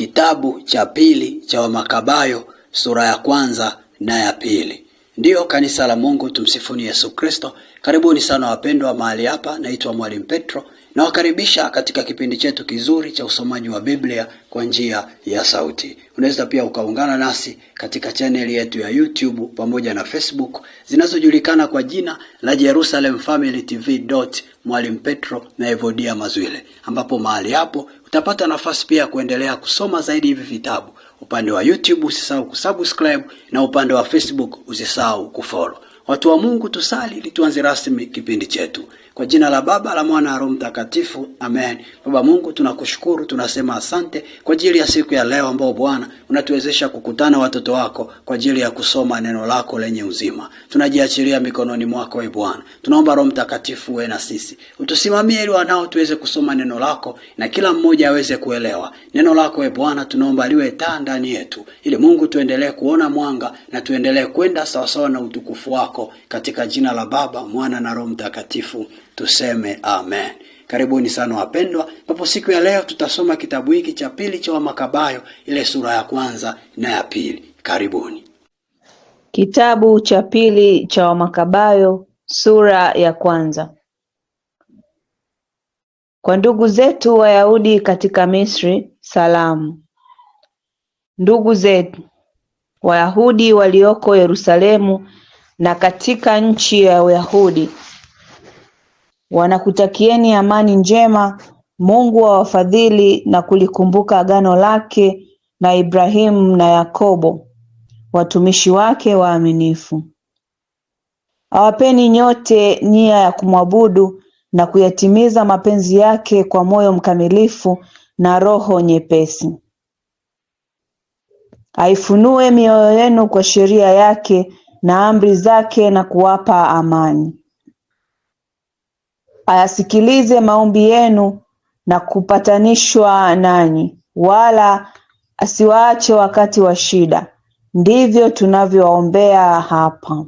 Kitabu cha pili cha Wamakabayo sura ya kwanza na ya pili. Ndiyo kanisa la Mungu, tumsifuni Yesu Kristo. Karibuni sana wapendwa mahali hapa, naitwa Mwalimu Petro. Nawakaribisha katika kipindi chetu kizuri cha usomaji wa Biblia kwa njia ya sauti. Unaweza pia ukaungana nasi katika chaneli yetu ya YouTube pamoja na Facebook zinazojulikana kwa jina la Jerusalem Family TV. Mwalimu Petro na Evodia Mazwile, ambapo mahali hapo utapata nafasi pia ya kuendelea kusoma zaidi hivi vitabu. Upande wa YouTube usisahau kusubscribe na upande wa Facebook usisahau kufollow. Watu wa Mungu, tusali ili tuanze rasmi kipindi chetu. Kwa jina la Baba la Mwana na Roho Mtakatifu, amen. Baba Mungu, tunakushukuru, tunasema asante kwa ajili ya siku ya leo ambao Bwana unatuwezesha kukutana watoto wako kwa ajili ya kusoma neno lako lenye uzima. Tunajiachilia mikononi mwako, e Bwana, tunaomba Roho Mtakatifu uwe na sisi, utusimamie ili wanao tuweze kusoma neno lako na kila mmoja aweze kuelewa neno lako. E Bwana, tunaomba liwe taa ndani yetu, ili Mungu tuendelee kuona mwanga na tuendelee kwenda sawasawa na utukufu wako wako katika jina la Baba, Mwana na Roho Mtakatifu, tuseme amen. Karibuni sana wapendwa, ambapo siku ya leo tutasoma kitabu hiki cha pili cha Wamakabayo, ile sura ya kwanza na ya pili. Karibuni. Kitabu cha pili cha Wamakabayo sura ya kwanza. Kwa ndugu zetu Wayahudi katika Misri, salamu. Ndugu zetu Wayahudi walioko Yerusalemu na katika nchi ya Uyahudi. Wanakutakieni amani njema. Mungu awafadhili na kulikumbuka agano lake na Ibrahimu na Yakobo, watumishi wake waaminifu. Awapeni nyote nia ya kumwabudu na kuyatimiza mapenzi yake kwa moyo mkamilifu na roho nyepesi. Aifunue mioyo yenu kwa sheria yake na amri zake na kuwapa amani. Ayasikilize maombi yenu na kupatanishwa nanyi, wala asiwaache wakati wa shida. Ndivyo tunavyowaombea hapa.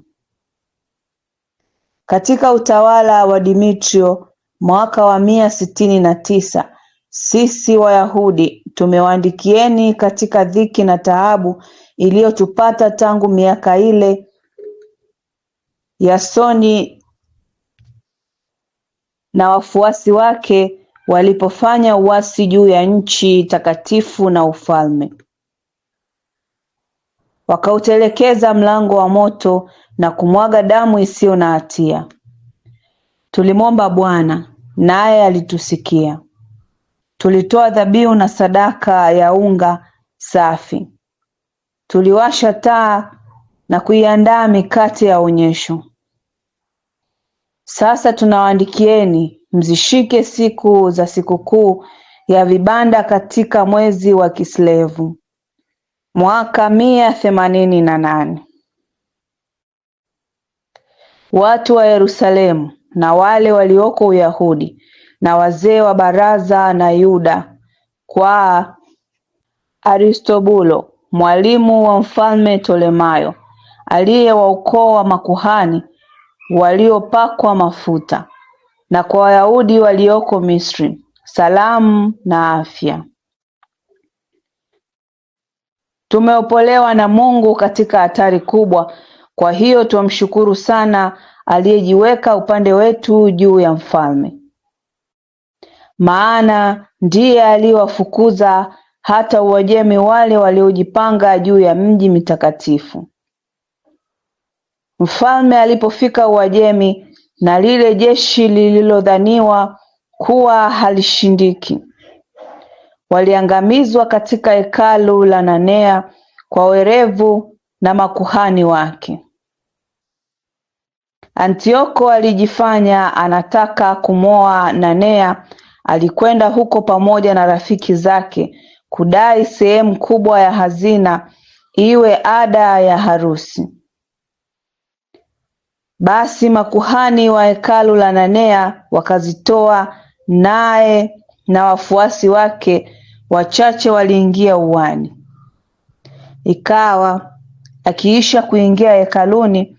Katika utawala wa Dimitrio mwaka wa mia sitini na tisa sisi Wayahudi tumewaandikieni katika dhiki na taabu iliyotupata tangu miaka ile Yasoni na wafuasi wake walipofanya uasi juu ya nchi takatifu na ufalme, wakautelekeza mlango wa moto na kumwaga damu isiyo na hatia. Tulimwomba Bwana naye alitusikia, tulitoa dhabihu na sadaka ya unga safi, tuliwasha taa na kuiandaa mikate ya onyesho. Sasa tunawaandikieni mzishike siku za sikukuu ya vibanda katika mwezi wa Kislevu mwaka mia themanini na nane Watu wa Yerusalemu na wale walioko Uyahudi na wazee wa baraza na Yuda kwa Aristobulo mwalimu wa mfalme Tolemayo aliye wa ukoo wa makuhani waliopakwa mafuta, na kwa Wayahudi walioko Misri, salamu na afya. tumeopolewa na Mungu katika hatari kubwa. Kwa hiyo twamshukuru sana aliyejiweka upande wetu juu ya mfalme, maana ndiye aliwafukuza hata Uajemi wale waliojipanga juu ya mji mtakatifu. Mfalme alipofika Uajemi na lile jeshi lililodhaniwa kuwa halishindiki waliangamizwa katika hekalu la Nanea kwa werevu na makuhani wake. Antioko alijifanya anataka kumwoa Nanea, alikwenda huko pamoja na rafiki zake kudai sehemu kubwa ya hazina iwe ada ya harusi. Basi makuhani wa hekalu la nanea wakazitoa, naye na wafuasi wake wachache waliingia uwani Ikawa akiisha kuingia hekaluni,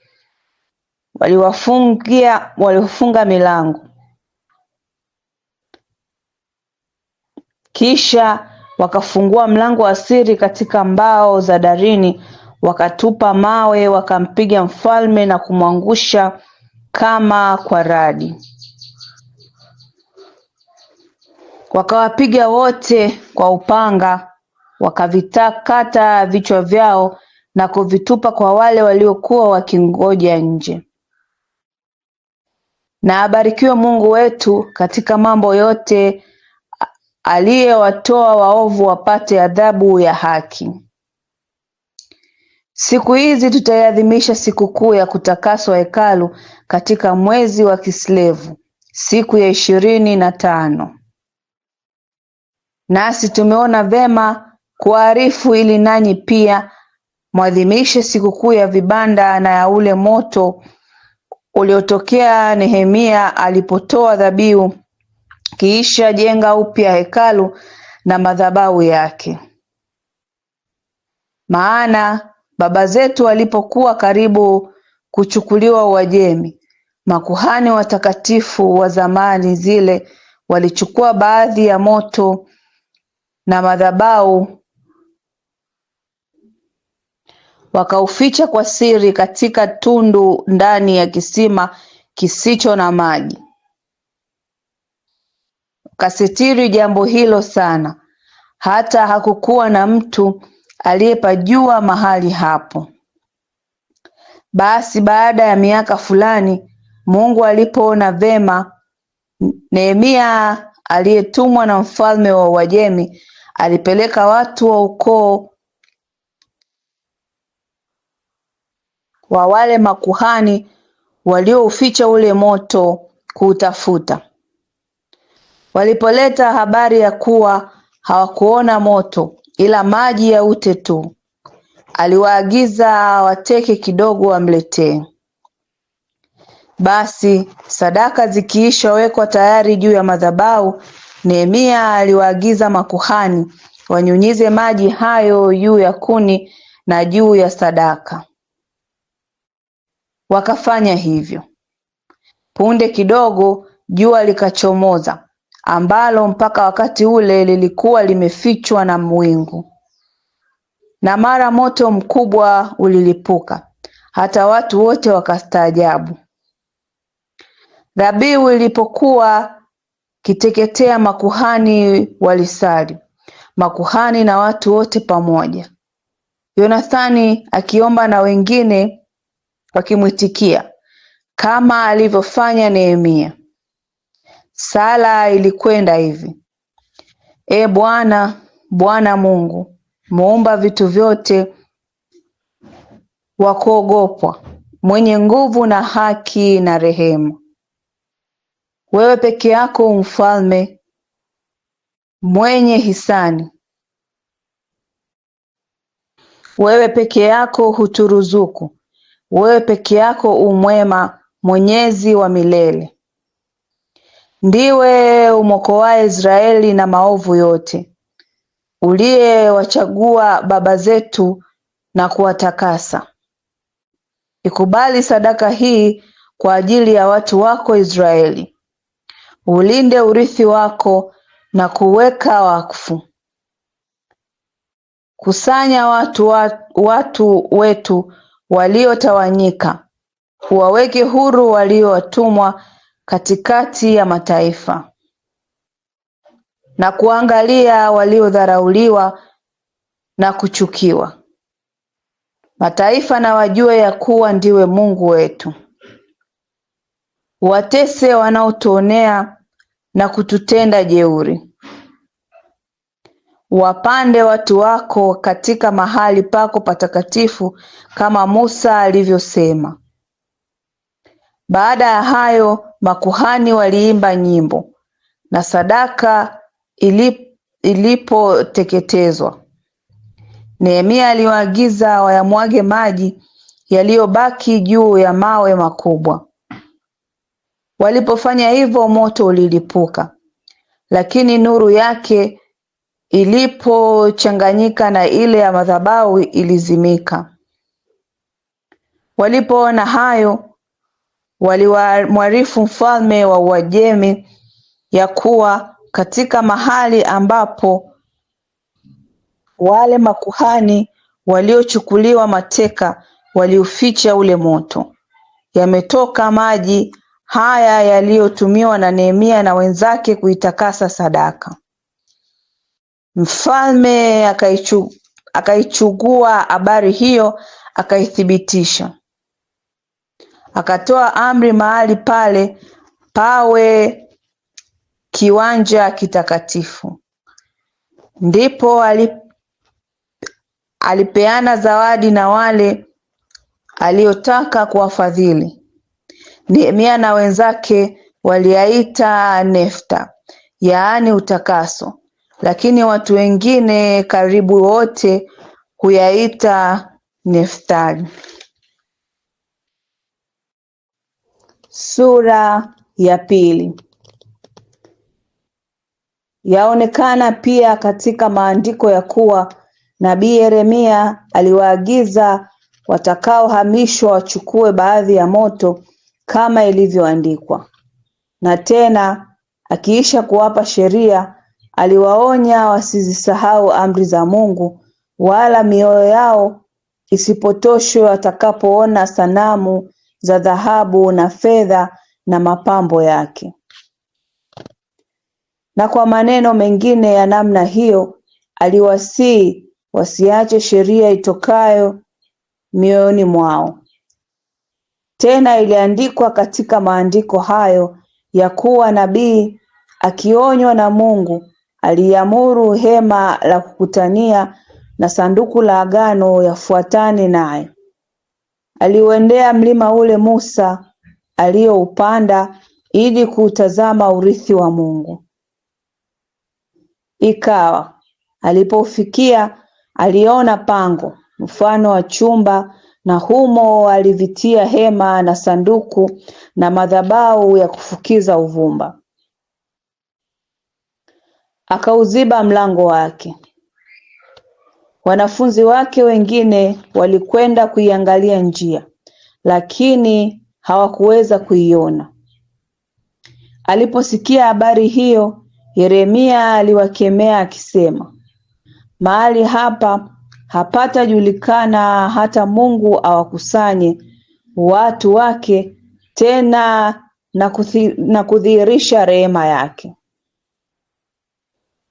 waliwafungia waliofunga milango, kisha wakafungua mlango wa siri katika mbao za darini wakatupa mawe wakampiga mfalme na kumwangusha kama kwa radi. Wakawapiga wote kwa upanga, wakavitakata vichwa vyao na kuvitupa kwa wale waliokuwa wakingoja nje. Na abarikiwe Mungu wetu katika mambo yote, aliyewatoa waovu wapate adhabu ya haki. Siku hizi tutaiadhimisha sikukuu ya kutakaswa hekalu katika mwezi wa Kislevu siku ya ishirini na tano nasi tumeona vema kuarifu ili nanyi pia mwadhimishe sikukuu ya vibanda na ya ule moto uliotokea Nehemia alipotoa dhabihu kiisha jenga upya hekalu na madhabahu yake maana Baba zetu walipokuwa karibu kuchukuliwa Uajemi makuhani watakatifu wa zamani zile walichukua baadhi ya moto na madhabau wakauficha kwa siri katika tundu ndani ya kisima kisicho na maji kasitiri jambo hilo sana hata hakukuwa na mtu aliyepajua mahali hapo. Basi baada ya miaka fulani, Mungu alipoona vema, Nehemia aliyetumwa na mfalme wa Uajemi alipeleka watu wa ukoo wa wale makuhani waliouficha ule moto kuutafuta. Walipoleta habari ya kuwa hawakuona moto, ila maji ya ute tu, aliwaagiza wateke kidogo wamletee. Basi sadaka zikiisha wekwa tayari juu ya madhabahu, Nehemia aliwaagiza makuhani wanyunyize maji hayo juu ya kuni na juu ya sadaka. Wakafanya hivyo. Punde kidogo jua likachomoza, ambalo mpaka wakati ule lilikuwa limefichwa na mwingu na mara moto mkubwa ulilipuka, hata watu wote wakastaajabu. Dhabihu ilipokuwa kiteketea, makuhani walisali, makuhani na watu wote pamoja, Yonathani akiomba na wengine wakimwitikia, kama alivyofanya Nehemia. Sala ilikwenda hivi: e Bwana, Bwana Mungu, muumba vitu vyote, wa kuogopwa, mwenye nguvu na haki na rehema, wewe peke yako mfalme, mwenye hisani, wewe peke yako huturuzuku, wewe peke yako umwema mwenyezi wa milele Ndiwe umwokoaye Israeli na maovu yote, uliyewachagua baba zetu na kuwatakasa. Ikubali sadaka hii kwa ajili ya watu wako Israeli, ulinde urithi wako na kuweka wakfu. Kusanya watu, watu wetu waliotawanyika, uwaweke huru waliowatumwa katikati ya mataifa na kuangalia waliodharauliwa na kuchukiwa, mataifa na wajue ya kuwa ndiwe Mungu wetu. Watese wanaotuonea na kututenda jeuri, wapande watu wako katika mahali pako patakatifu, kama Musa alivyosema. Baada ya hayo makuhani waliimba nyimbo na sadaka ilipoteketezwa, Nehemia aliwaagiza wayamwage maji yaliyobaki juu ya mawe makubwa. Walipofanya hivyo, moto ulilipuka, lakini nuru yake ilipochanganyika na ile ya madhabahu ilizimika. Walipoona hayo walimwarifu mfalme wa Uajemi ya kuwa katika mahali ambapo wale makuhani waliochukuliwa mateka waliuficha ule moto yametoka maji haya yaliyotumiwa na Nehemia na wenzake kuitakasa sadaka. Mfalme akaichugua habari hiyo akaithibitisha Akatoa amri mahali pale pawe kiwanja kitakatifu ndipo alipeana zawadi na wale aliotaka kuwafadhili. Nehemia na wenzake waliyaita Nefta, yaani utakaso, lakini watu wengine karibu wote huyaita Neftali. sura ya pili. Yaonekana pia katika maandiko ya kuwa nabii Yeremia aliwaagiza watakaohamishwa wachukue baadhi ya moto kama ilivyoandikwa. Na tena akiisha kuwapa sheria, aliwaonya wasizisahau amri za Mungu, wala mioyo yao isipotoshwe watakapoona sanamu za dhahabu na fedha na mapambo yake. Na kwa maneno mengine ya namna hiyo aliwasii wasiache sheria itokayo mioyoni mwao. Tena iliandikwa katika maandiko hayo ya kuwa nabii akionywa na Mungu aliamuru hema la kukutania na sanduku la agano yafuatane naye aliuendea mlima ule Musa aliyoupanda ili kuutazama urithi wa Mungu. Ikawa alipofikia aliona pango mfano wa chumba, na humo alivitia hema na sanduku na madhabahu ya kufukiza uvumba, akauziba mlango wake Wanafunzi wake wengine walikwenda kuiangalia njia lakini hawakuweza kuiona. Aliposikia habari hiyo Yeremia aliwakemea akisema, mahali hapa hapatajulikana hata Mungu awakusanye watu wake tena na kudhihirisha rehema yake.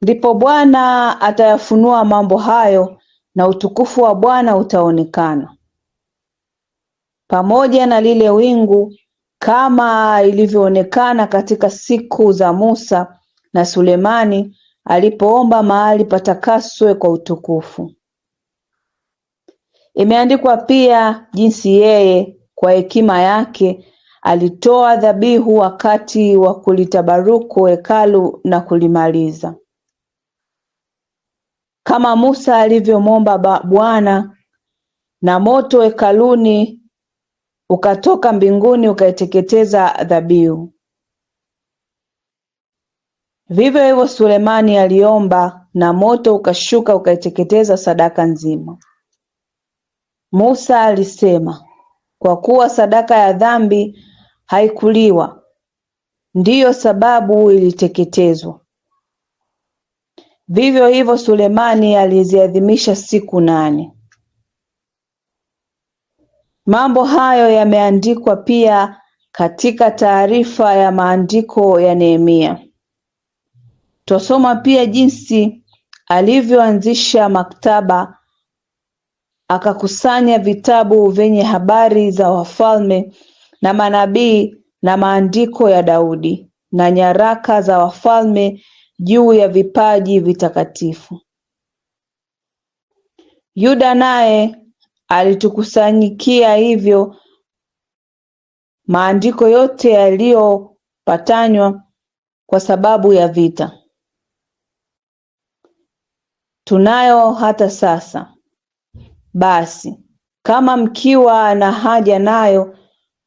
Ndipo Bwana atayafunua mambo hayo na utukufu wa Bwana utaonekana pamoja na lile wingu kama ilivyoonekana katika siku za Musa na Sulemani alipoomba mahali patakaswe kwa utukufu. Imeandikwa pia jinsi yeye kwa hekima yake alitoa dhabihu wakati wa kulitabaruku hekalu na kulimaliza kama Musa alivyomwomba Bwana na moto hekaluni ukatoka mbinguni ukaiteketeza dhabihu Vivyo hivyo Sulemani aliomba na moto ukashuka ukaiteketeza sadaka nzima. Musa alisema, kwa kuwa sadaka ya dhambi haikuliwa, ndiyo sababu iliteketezwa. Vivyo hivyo Sulemani aliziadhimisha siku nane. Mambo hayo yameandikwa pia katika taarifa ya maandiko ya Nehemia. Twasoma pia jinsi alivyoanzisha maktaba akakusanya vitabu vyenye habari za wafalme na manabii na maandiko ya Daudi na nyaraka za wafalme juu ya vipaji vitakatifu. Yuda naye alitukusanyikia hivyo maandiko yote yaliyopatanywa kwa sababu ya vita tunayo hata sasa. Basi kama mkiwa na haja nayo,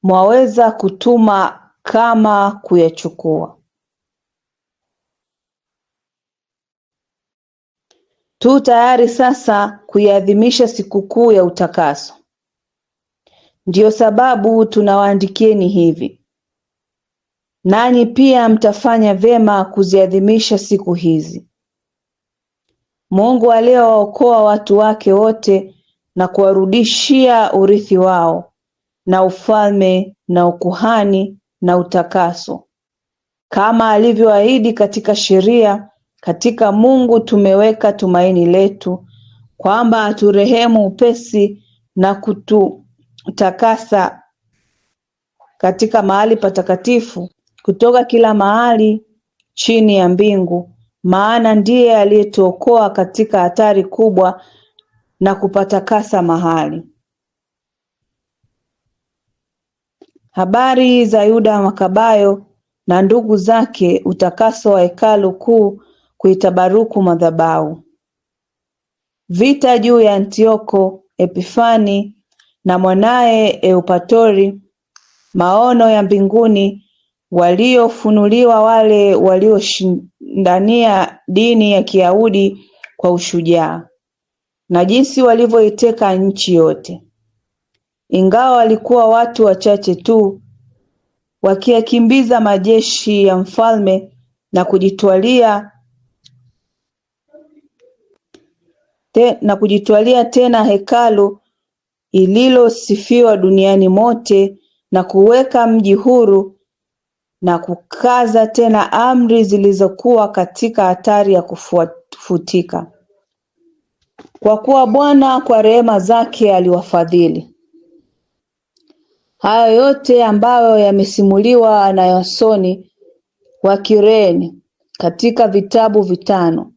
mwaweza kutuma kama kuyachukua. tu tayari sasa kuiadhimisha sikukuu ya utakaso. Ndiyo sababu tunawaandikieni hivi, nanyi pia mtafanya vyema kuziadhimisha siku hizi. Mungu aliyewaokoa watu wake wote na kuwarudishia urithi wao na ufalme na ukuhani na utakaso, kama alivyoahidi katika sheria katika Mungu tumeweka tumaini letu, kwamba aturehemu upesi na kututakasa katika mahali patakatifu, kutoka kila mahali chini ya mbingu, maana ndiye aliyetuokoa katika hatari kubwa na kupatakasa mahali. Habari za Yuda Makabayo na ndugu zake, utakaso wa hekalu kuu kuitabaruku madhabahu Vita juu ya Antioko Epifani na mwanaye Eupatori Maono ya mbinguni waliofunuliwa wale walioshindania dini ya Kiyahudi kwa ushujaa na jinsi walivyoiteka nchi yote ingawa walikuwa watu wachache tu wakiyakimbiza majeshi ya mfalme na kujitwalia na kujitwalia tena hekalu ililosifiwa duniani mote na kuweka mji huru na kukaza tena amri zilizokuwa katika hatari ya kufutika kwa kuwa Bwana kwa rehema zake aliwafadhili. Hayo yote ambayo yamesimuliwa na Yasoni wa Kireni katika vitabu vitano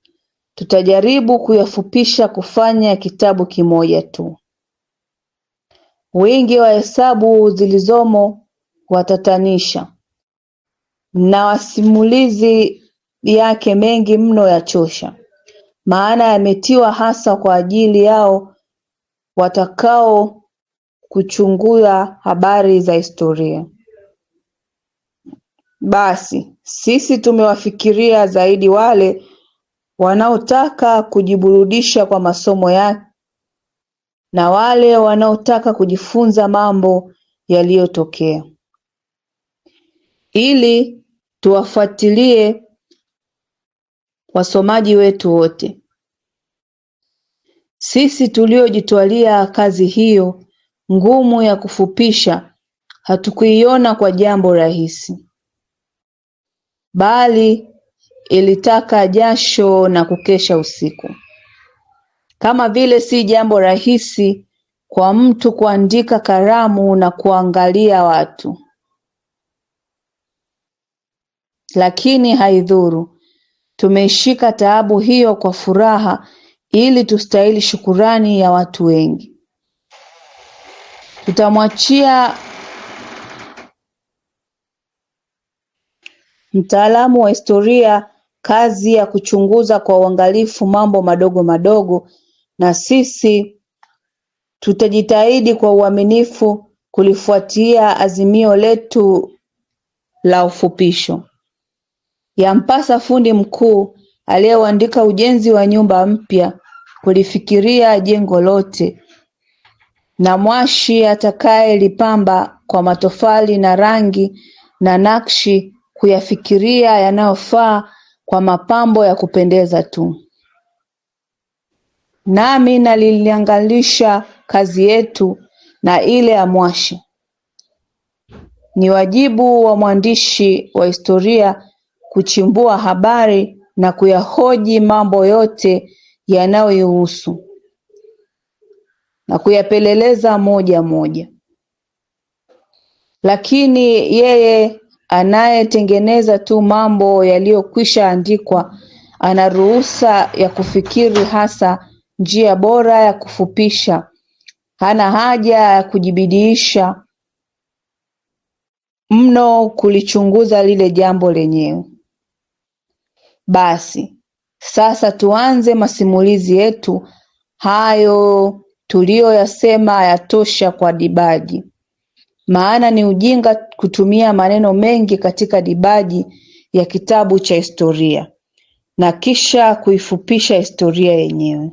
Tutajaribu kuyafupisha kufanya kitabu kimoja tu wingi wa hesabu zilizomo watatanisha na wasimulizi yake mengi mno yachosha maana yametiwa hasa kwa ajili yao kuchunguza habari za historia Basi sisi tumewafikiria zaidi wale wanaotaka kujiburudisha kwa masomo na wale wanaotaka kujifunza mambo yaliyotokea ili tuwafuatilie wasomaji wetu wote. Sisi tuliojitwalia kazi hiyo ngumu ya kufupisha hatukuiona kwa jambo rahisi, bali Ilitaka jasho na kukesha usiku, kama vile si jambo rahisi kwa mtu kuandika karamu na kuangalia watu, lakini haidhuru, tumeishika taabu hiyo kwa furaha ili tustahili shukurani ya watu wengi. Tutamwachia mtaalamu wa historia kazi ya kuchunguza kwa uangalifu mambo madogo madogo na sisi tutajitahidi kwa uaminifu kulifuatia azimio letu la ufupisho. Yampasa fundi mkuu aliyeuandika ujenzi wa nyumba mpya kulifikiria jengo lote, na mwashi atakayelipamba kwa matofali na rangi na nakshi kuyafikiria yanayofaa kwa mapambo ya kupendeza tu nami nalilinganisha kazi yetu na ile ya mwashi. Ni wajibu wa mwandishi wa historia kuchimbua habari na kuyahoji mambo yote yanayoihusu na kuyapeleleza moja moja, lakini yeye Anayetengeneza tu mambo yaliyokwisha andikwa ana ruhusa ya kufikiri hasa njia bora ya kufupisha hana haja ya kujibidiisha mno kulichunguza lile jambo lenyewe. Basi sasa tuanze masimulizi yetu. Hayo tuliyoyasema yatosha kwa Dibaji maana ni ujinga kutumia maneno mengi katika dibaji ya kitabu cha historia na kisha kuifupisha historia yenyewe